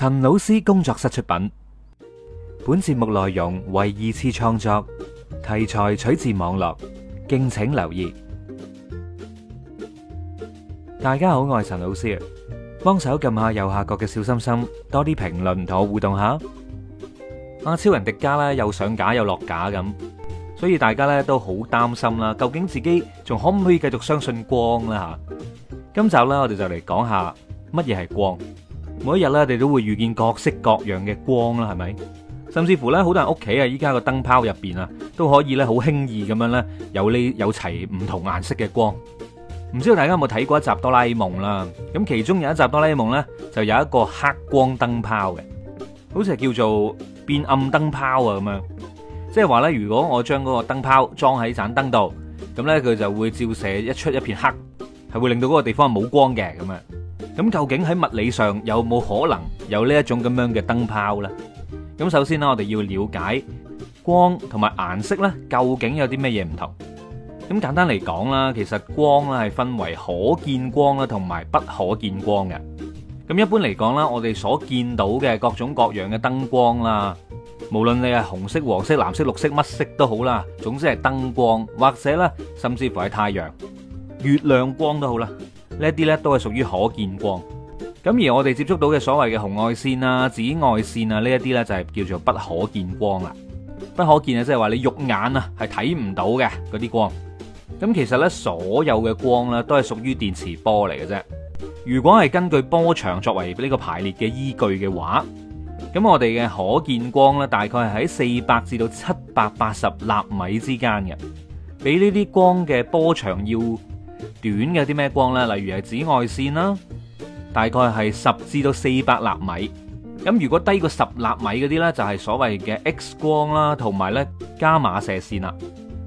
陳老師工作室出品，本節目內容為二次創作，題材取自網絡，敬請留意。大家好，我係陳老師啊，幫手撳下右下角嘅小心心，多啲評論同我互動下。阿、啊、超人迪迦咧又上架又落架咁，所以大家咧都好擔心啦。究竟自己仲可唔可以繼續相信光啦？吓，今集咧我哋就嚟講下乜嘢係光。每一日咧，你都會遇見各式各樣嘅光啦，係咪？甚至乎咧，好多人屋企啊，依家個燈泡入邊啊，都可以咧好輕易咁樣咧，有呢有齊唔同顏色嘅光。唔知道大家有冇睇過一集哆啦 A 夢啦？咁其中有一集哆啦 A 夢咧，就有一個黑光燈泡嘅，好似係叫做變暗燈泡啊咁樣。即係話咧，如果我將嗰個燈泡裝喺盞燈度，咁咧佢就會照射一出一片黑，係會令到嗰個地方冇光嘅咁樣。咁究竟喺物理上有冇可能有呢一種咁樣嘅燈泡呢？咁首先呢，我哋要了解光同埋顏色呢，究竟有啲咩嘢唔同？咁簡單嚟講啦，其實光啦係分為可見光啦同埋不可見光嘅。咁一般嚟講啦，我哋所見到嘅各種各樣嘅燈光啦，無論你係紅色、黃色、藍色、綠色乜色都好啦，總之係燈光，或者呢，甚至乎係太陽、月亮光都好啦。呢一啲咧都係屬於可見光，咁而我哋接觸到嘅所謂嘅紅外線啊、紫外線啊，呢一啲呢，就係叫做不可見光啦。不可見嘅即係話你肉眼啊係睇唔到嘅嗰啲光。咁其實呢，所有嘅光呢都係屬於電磁波嚟嘅啫。如果係根據波長作為呢個排列嘅依據嘅話，咁我哋嘅可見光呢，大概係喺四百至到七百八十納米之間嘅，比呢啲光嘅波長要短嘅啲咩光呢？例如係紫外線啦，大概係十至到四百納米。咁如果低過十納米嗰啲呢，就係所謂嘅 X 光啦，同埋咧伽馬射線啦。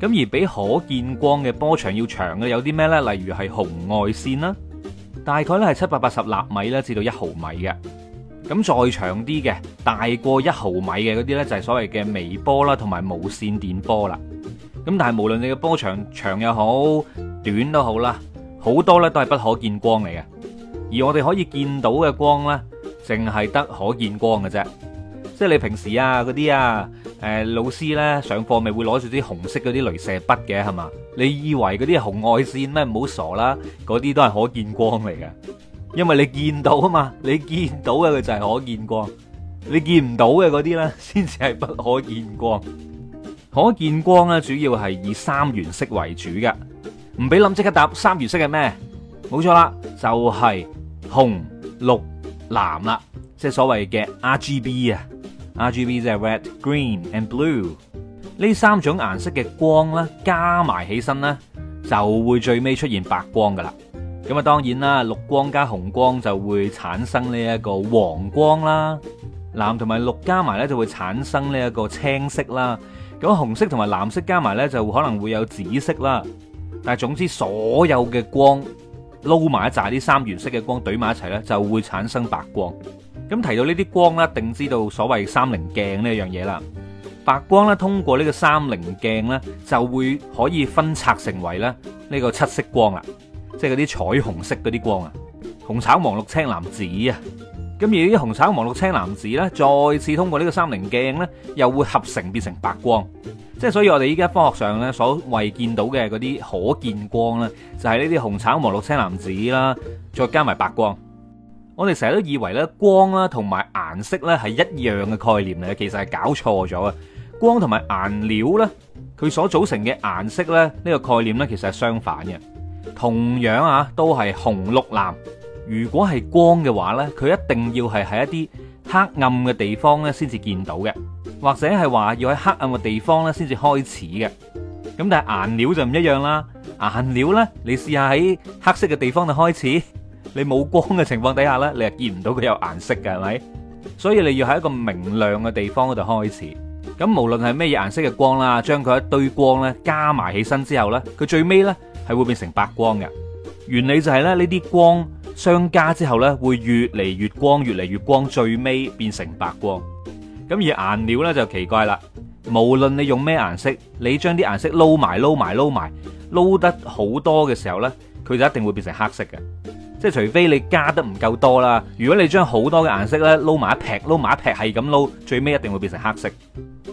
咁而比可見光嘅波長要長嘅有啲咩呢？例如係紅外線啦，大概咧係七百八十納米啦，至到一毫米嘅。咁再長啲嘅，大過一毫米嘅嗰啲呢，就係所謂嘅微波啦，同埋無線電波啦。咁但係無論你嘅波長長又好，短都好啦，好多咧都係不可見光嚟嘅，而我哋可以見到嘅光呢，淨係得可見光嘅啫。即係你平時啊嗰啲啊，誒、呃、老師呢上課咪會攞住啲紅色嗰啲鐳射筆嘅係嘛？你以為嗰啲紅外線呢，唔好傻啦，嗰啲都係可見光嚟嘅，因為你見到啊嘛，你見到嘅佢就係可見光，你見唔到嘅嗰啲呢先至係不可見光。可見光呢，主要係以三原色為主嘅。唔俾諗，即刻答三原色係咩？冇錯啦，就係紅、綠、藍啦，即係所謂嘅 R G B 啊。R G B 即係 Red、Green and Blue 呢三種顏色嘅光啦，加埋起身咧，就會最尾出現白光噶啦。咁啊，當然啦，綠光加紅光就會產生呢一個黃光啦。藍同埋綠加埋咧，就會產生呢一個青色啦。咁紅色同埋藍色加埋咧，就可能會有紫色啦。但係總之，所有嘅光撈埋一扎啲三原色嘅光懟埋一齊呢就會產生白光。咁提到呢啲光啦，一定知道所謂三棱鏡呢樣嘢啦。白光呢通過呢個三棱鏡呢，就會可以分拆成為呢呢個七色光啦，即係嗰啲彩虹色嗰啲光啊，紅橙黃綠青藍紫啊。咁而呢啲紅橙黃綠青藍紫咧，再次通過呢個三棱鏡咧，又會合成變成白光。即係所以，我哋依家科學上咧所謂見到嘅嗰啲可見光咧，就係呢啲紅橙黃綠青藍紫啦，再加埋白光。我哋成日都以為咧光啦同埋顏色咧係一樣嘅概念嚟嘅，其實係搞錯咗啊！光同埋顏料咧，佢所組成嘅顏色咧呢個概念咧，其實係相反嘅。同樣啊，都係紅綠藍。如果係光嘅話呢，佢一定要係喺一啲黑暗嘅地方呢，先至見到嘅，或者係話要喺黑暗嘅地方呢，先至開始嘅。咁但係顏料就唔一樣啦，顏料呢，你試下喺黑色嘅地方就開始，你冇光嘅情況底下呢，你係見唔到佢有顏色嘅，係咪？所以你要喺一個明亮嘅地方嗰度開始。咁無論係咩嘢顏色嘅光啦，將佢一堆光呢加埋起身之後呢，佢最尾呢係會變成白光嘅。原理就係咧呢啲光。相加之後呢，會越嚟越光，越嚟越光，最尾變成白光。咁而顏料呢，就奇怪啦，無論你用咩顏色，你將啲顏色撈埋撈埋撈埋撈得好多嘅時候呢，佢就一定會變成黑色嘅。即係除非你加得唔夠多啦。如果你將好多嘅顏色呢撈埋一劈、撈埋一劈，係咁撈，最尾一定會變成黑色。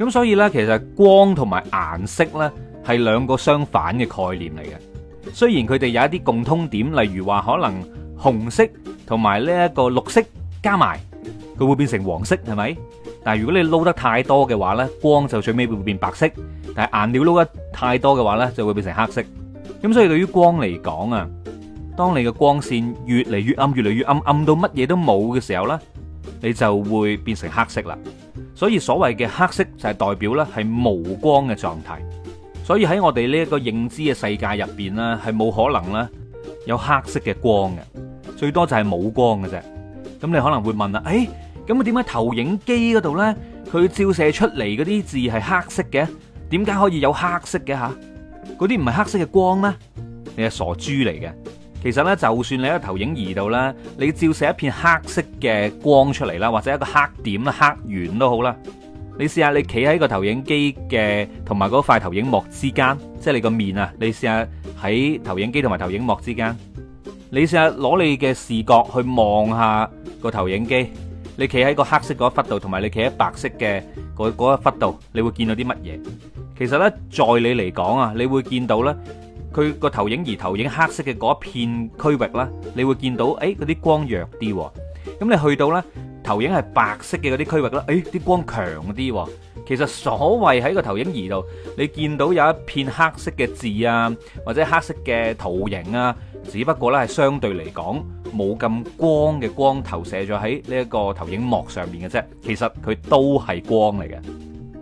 咁所以呢，其實光同埋顏色呢係兩個相反嘅概念嚟嘅。雖然佢哋有一啲共通點，例如話可能。紅色同埋呢一個綠色加埋，佢會變成黃色，係咪？但係如果你撈得太多嘅話呢，光就最尾會變白色；但係顏料撈得太多嘅話呢，就會變成黑色。咁、嗯、所以對於光嚟講啊，當你嘅光線越嚟越暗，越嚟越暗，暗到乜嘢都冇嘅時候呢，你就會變成黑色啦。所以所謂嘅黑色就係代表呢係無光嘅狀態。所以喺我哋呢一個認知嘅世界入邊呢係冇可能咧有黑色嘅光嘅。最多就係冇光嘅啫，咁你可能會問啦，誒、哎，咁點解投影機嗰度呢？佢照射出嚟嗰啲字係黑色嘅？點解可以有黑色嘅吓？嗰啲唔係黑色嘅光咩？你係傻豬嚟嘅。其實呢，就算你喺投影儀度咧，你照射一片黑色嘅光出嚟啦，或者一個黑點啦、黑圓都好啦。你試下你企喺個投影機嘅同埋嗰塊投影幕之間，即係你個面啊，你試下喺投影機同埋投影幕之間。你試下攞你嘅視覺去望下個投影機，你企喺個黑色嗰一忽度，同埋你企喺白色嘅嗰一忽度，你會見到啲乜嘢？其實呢，在你嚟講啊，你會見到呢，佢個投影而投影黑色嘅嗰一片區域啦，你會見到，誒，嗰啲光弱啲。咁你去到呢，投影係白色嘅嗰啲區域啦，誒，啲光強啲。其實所謂喺個投影儀度，你見到有一片黑色嘅字啊，或者黑色嘅圖形啊，只不過呢係相對嚟講冇咁光嘅光投射咗喺呢一個投影幕上面嘅啫。其實佢都係光嚟嘅，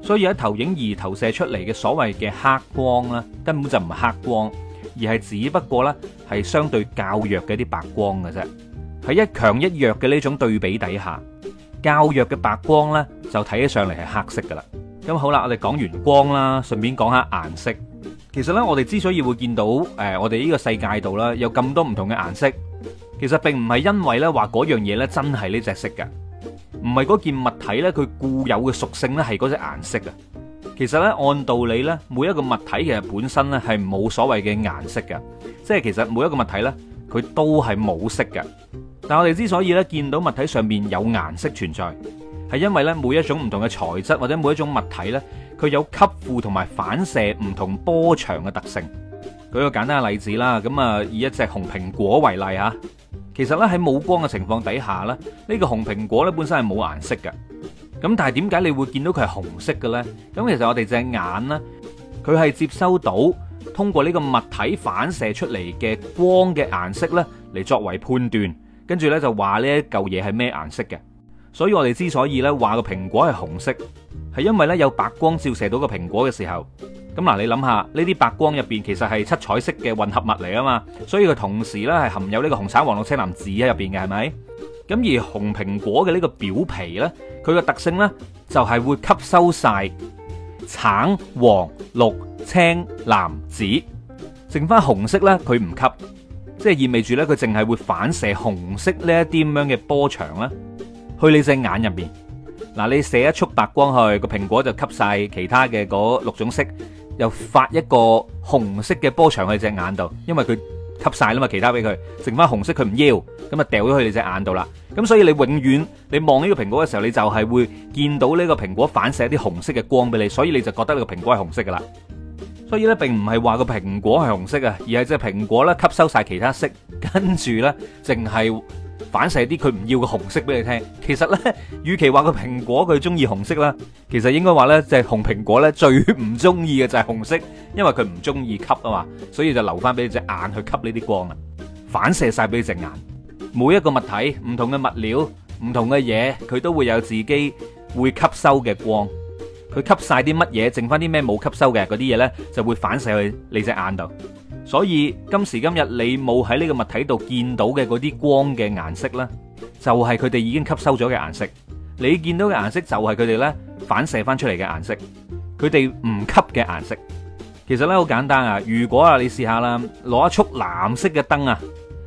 所以喺投影儀投射出嚟嘅所謂嘅黑光啦，根本就唔黑光，而係只不過呢係相對較弱嘅啲白光嘅啫，喺一強一弱嘅呢種對比底下。較弱嘅白光呢，就睇起上嚟係黑色噶啦。咁好啦，我哋講完光啦，順便講下顏色。其實呢，我哋之所以會見到誒，我哋呢個世界度啦，有咁多唔同嘅顏色，其實並唔係因為呢話嗰樣嘢呢真係呢隻色嘅，唔係嗰件物體呢佢固有嘅屬性呢係嗰隻顏色嘅。其實呢按道理呢，每一個物體其實本身呢係冇所謂嘅顏色嘅，即係其實每一個物體呢佢都係冇色嘅。但係我哋之所以咧見到物體上面有顏色存在，係因為咧每一種唔同嘅材質或者每一種物體咧，佢有吸附同埋反射唔同波長嘅特性。舉個簡單嘅例子啦，咁啊以一隻紅蘋果為例吓，其實咧喺冇光嘅情況底下咧，呢個紅蘋果咧本身係冇顏色嘅。咁但係點解你會見到佢係紅色嘅咧？咁其實我哋隻眼咧，佢係接收到通過呢個物體反射出嚟嘅光嘅顏色咧，嚟作為判斷。跟住呢，就話呢一嚿嘢係咩顏色嘅？所以我哋之所以呢話個蘋果係紅色，係因為呢有白光照射到個蘋果嘅時候，咁嗱你諗下呢啲白光入邊其實係七彩色嘅混合物嚟啊嘛，所以佢同時呢係含有呢個紅橙黃綠青藍紫喺入邊嘅係咪？咁而紅蘋果嘅呢個表皮呢，佢個特性呢，就係會吸收晒橙黃綠青藍紫，剩翻紅色呢，佢唔吸。即係意味住呢，佢淨係會反射紅色呢一啲咁樣嘅波長啦，去你隻眼入面。嗱，你射一束白光去，個蘋果就吸曬其他嘅嗰六種色，又發一個紅色嘅波長去你隻眼度，因為佢吸曬啦嘛，其他俾佢，剩翻紅色佢唔要，咁啊掉咗去你隻眼度啦。咁所以你永遠你望呢個蘋果嘅時候，你就係會見到呢個蘋果反射一啲紅色嘅光俾你，所以你就覺得你個蘋果係紅色噶啦。所以咧，並唔係話個蘋果係紅色啊，而係即係蘋果咧吸收曬其他色，跟住咧淨係反射啲佢唔要嘅紅色俾你聽。其實咧，與其話個蘋果佢中意紅色啦，其實應該話咧，即係紅蘋果咧最唔中意嘅就係紅色，因為佢唔中意吸啊嘛，所以就留翻俾你隻眼去吸呢啲光啊，反射曬俾你隻眼。每一個物體、唔同嘅物料、唔同嘅嘢，佢都會有自己會吸收嘅光。佢吸曬啲乜嘢，剩翻啲咩冇吸收嘅嗰啲嘢呢，就會反射去你隻眼度。所以今時今日你冇喺呢個物體度見到嘅嗰啲光嘅顏色呢，就係佢哋已經吸收咗嘅顏色。你見到嘅顏色就係佢哋呢反射翻出嚟嘅顏色，佢哋唔吸嘅顏色。其實呢好簡單啊，如果啊你試下啦，攞一束藍色嘅燈啊，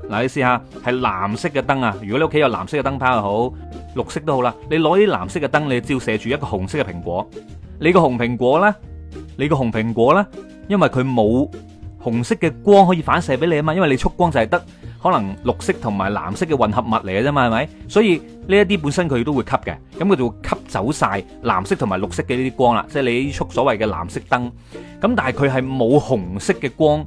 嗱，你試下係藍色嘅燈啊，如果你屋企有藍色嘅燈泡又好。綠色都好啦，你攞啲藍色嘅燈，你照射住一個紅色嘅蘋果，你個紅蘋果呢，你個紅蘋果呢，因為佢冇紅色嘅光可以反射俾你啊嘛，因為你束光就係得可能綠色同埋藍色嘅混合物嚟嘅啫嘛，係咪？所以呢一啲本身佢都會吸嘅，咁佢就會吸走晒藍色同埋綠色嘅呢啲光啦，即係你呢束所謂嘅藍色燈，咁但係佢係冇紅色嘅光。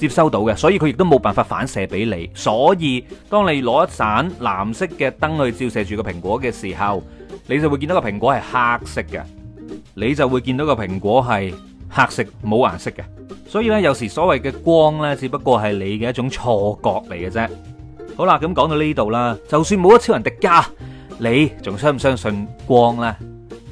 接收到嘅，所以佢亦都冇辦法反射俾你。所以當你攞一盞藍色嘅燈去照射住個蘋果嘅時候，你就會見到個蘋果係黑色嘅，你就會見到個蘋果係黑色冇顏色嘅。所以咧，有時所謂嘅光咧，只不過係你嘅一種錯覺嚟嘅啫。好啦，咁講到呢度啦，就算冇咗超人迪加，你仲相唔相信光咧？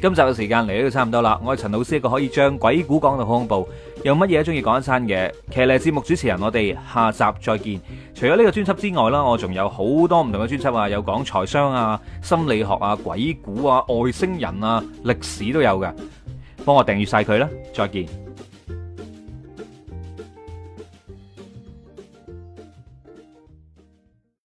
今集嘅時間嚟到差唔多啦，我係陳老師一個可以將鬼故講到好恐怖。有乜嘢都中意講一餐嘅，騎呢節目主持人，我哋下集再見。除咗呢個專輯之外啦，我仲有好多唔同嘅專輯啊，有講財商啊、心理學啊、鬼故啊、外星人啊、歷史都有嘅，幫我訂閱晒佢啦。再見。